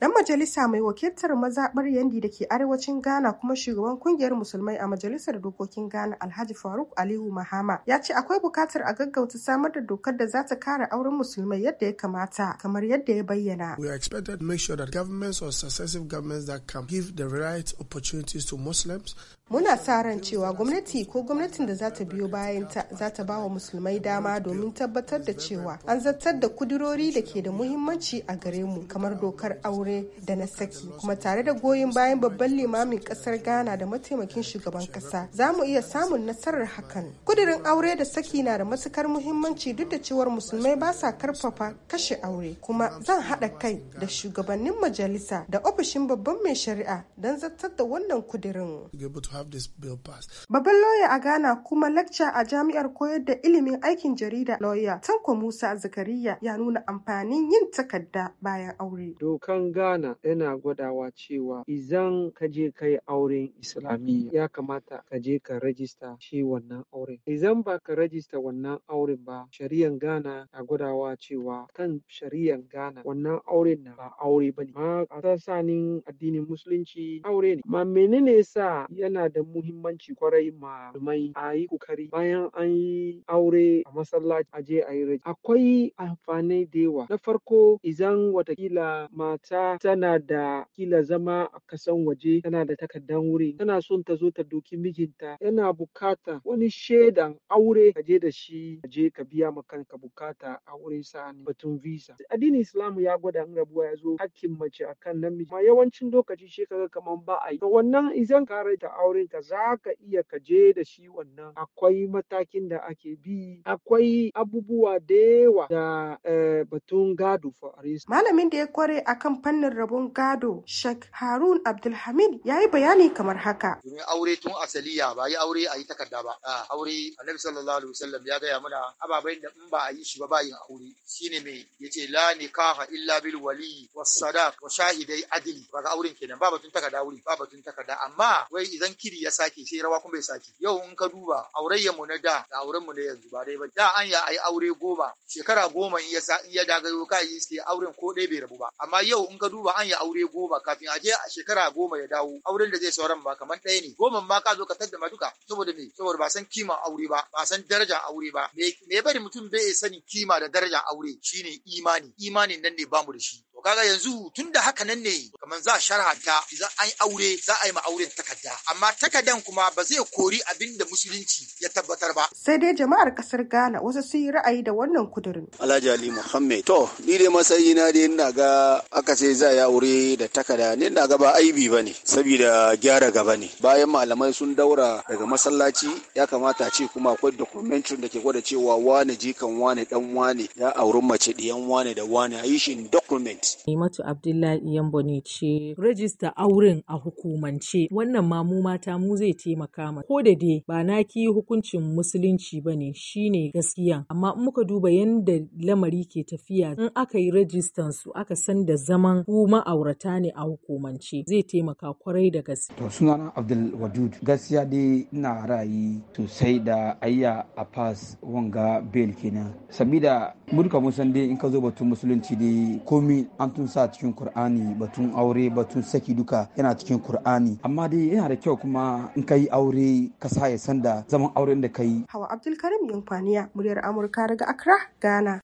Dan majalisa mai wakiltar mazaɓar Yandi da ke arewacin Ghana kuma shugaban kungiyar musulmai a majalisar dokokin Ghana Alhaji Faruk Aliyu Mahama ya ce akwai bukatar a gaggauta samar da dokar da za ta kare auren musulmai yadda ya kamata kamar yadda ya bayyana. We are expected to make sure that governments or successive governments that can give the right opportunities to Muslims muna sa ran cewa gwamnati ko gwamnatin da za ta biyo bayanta za ta ba wa musulmai dama domin tabbatar da cewa an zartar da kudurori da ke da muhimmanci a gare mu kamar dokar aure da na saki kuma tare da goyon bayan babban limamin kasar ghana da mataimakin shugaban kasa za mu iya samun nasarar hakan kudurin aure da saki na da matukar muhimmanci duk da cewar musulmai ba sa karfafa kashe aure kuma zan haɗa kai da shugabannin majalisa da ofishin babban mai shari'a don zartar da wannan kudirin have this bill passed. Babban lauya a Ghana kuma lecture a jami'ar koyar da ilimin aikin jarida lauya Tanko Musa Zakariya ya nuna amfanin yin takarda bayan aure. Dokan Ghana yana gwadawa cewa idan ka je kai auren Islamiyya ya kamata ka je ka rajista shi wannan auren. Idan ba ka rajista wannan auren ba shari'an Ghana a gwadawa cewa kan shari'an Ghana wannan auren na ba aure ba ne. Ma a addinin Musulunci aure ne. Ma menene yasa yana da muhimmanci kwarai ma. mai a yi kokari bayan an yi aure a masallaci a je a yi raji. Akwai amfani da yawa. Na farko izan watakila mata tana da kila zama a kasan waje tana da takardan wuri tana son ta zo ta doki mijinta yana bukata wani shaidan aure ka je da shi ka je ka biya ma kanka bukata aure sa batun visa. Addinin Islamu ya gwada an rabuwa ya zo hakkin mace akan namiji. Ma yawancin lokaci shi kaga kaman ba a yi. To wannan idan ka ta aure wurin ka ka iya ka je da shi wannan akwai matakin da ake bi akwai abubuwa da yawa da eh, batun gado for malamin da ya kware akan fannin rabon gado shek harun abdulhamid ya yi bayani kamar haka domin aure tun asaliya ba yi aure a yi takarda ba ah, aure annabi sallallahu alaihi wasallam ya gaya mana ababen da in ba a yi shi ba ba yin aure shine mai yace la nikaha illa bil wali was sadaq wa shahidai ba ga auren kenan ba batun takarda wuri ba batun takarda amma wai idan kiri ya sake sai rawa kuma ya sake yau in ka duba aurayya mu na da da auren mu na yanzu ba dai ba da an ya ai aure goma shekara goma in ya sa in ya dagayo ka yi sai auren ko ɗaya bai rabu ba amma yau in ka duba an ya aure goma kafin a je a shekara goma ya dawo auren da zai sauran ba kamar ɗaya ne goma ma ka zo ka tadda ma duka saboda me saboda ba san kima aure ba ba san darajar aure ba me bari mutum bai sanin kima da darajar aure shine imani imanin nan ne bamu da shi kaga yanzu da haka nan ne kamar za a sharhata za a yi aure za a yi ma auren takarda amma takardan kuma ba zai kori abin da musulunci ya tabbatar ba sai dai jama'ar kasar Ghana wasu sun yi ra'ayi da wannan kudurin Alhaji Ali Muhammad to ni dai masayi na dai ina ga aka ce za ya aure da takarda ni ina ga ba aibi bane saboda gyara gaba ne bayan malamai sun daura daga masallaci ya kamata a ce kuma akwai documentary da ke gwada cewa wane jikan wane dan wane ya auri mace diyan wane da wane a yi shi document Nimatu Abdullahi Yambo ne ce rajista auren a hukumance wannan ma mu mata mu zai taimaka ma ko da dai ba na ki hukuncin musulunci ba ne shine gaskiya amma in muka duba yanda lamari ke tafiya in aka yi rajistan su aka san da zaman ku ma'aurata ne a hukumance zai taimaka kwarai da gaske. To sunana Abdul Wadud gaskiya dai ina ra'ayi sosai da ayya a pass wanga bel kenan sabida mun mun san dai in ka zo batun musulunci dai komi an tun sa cikin Kur'ani batun aure batun saki duka yana cikin Kur'ani amma dai yana da kyau kuma in kai aure kasa sa ya sanda zaman auren da ka yi. Hawa Abdulkarim Yankwaniya muryar Amurka daga Accra, Ghana.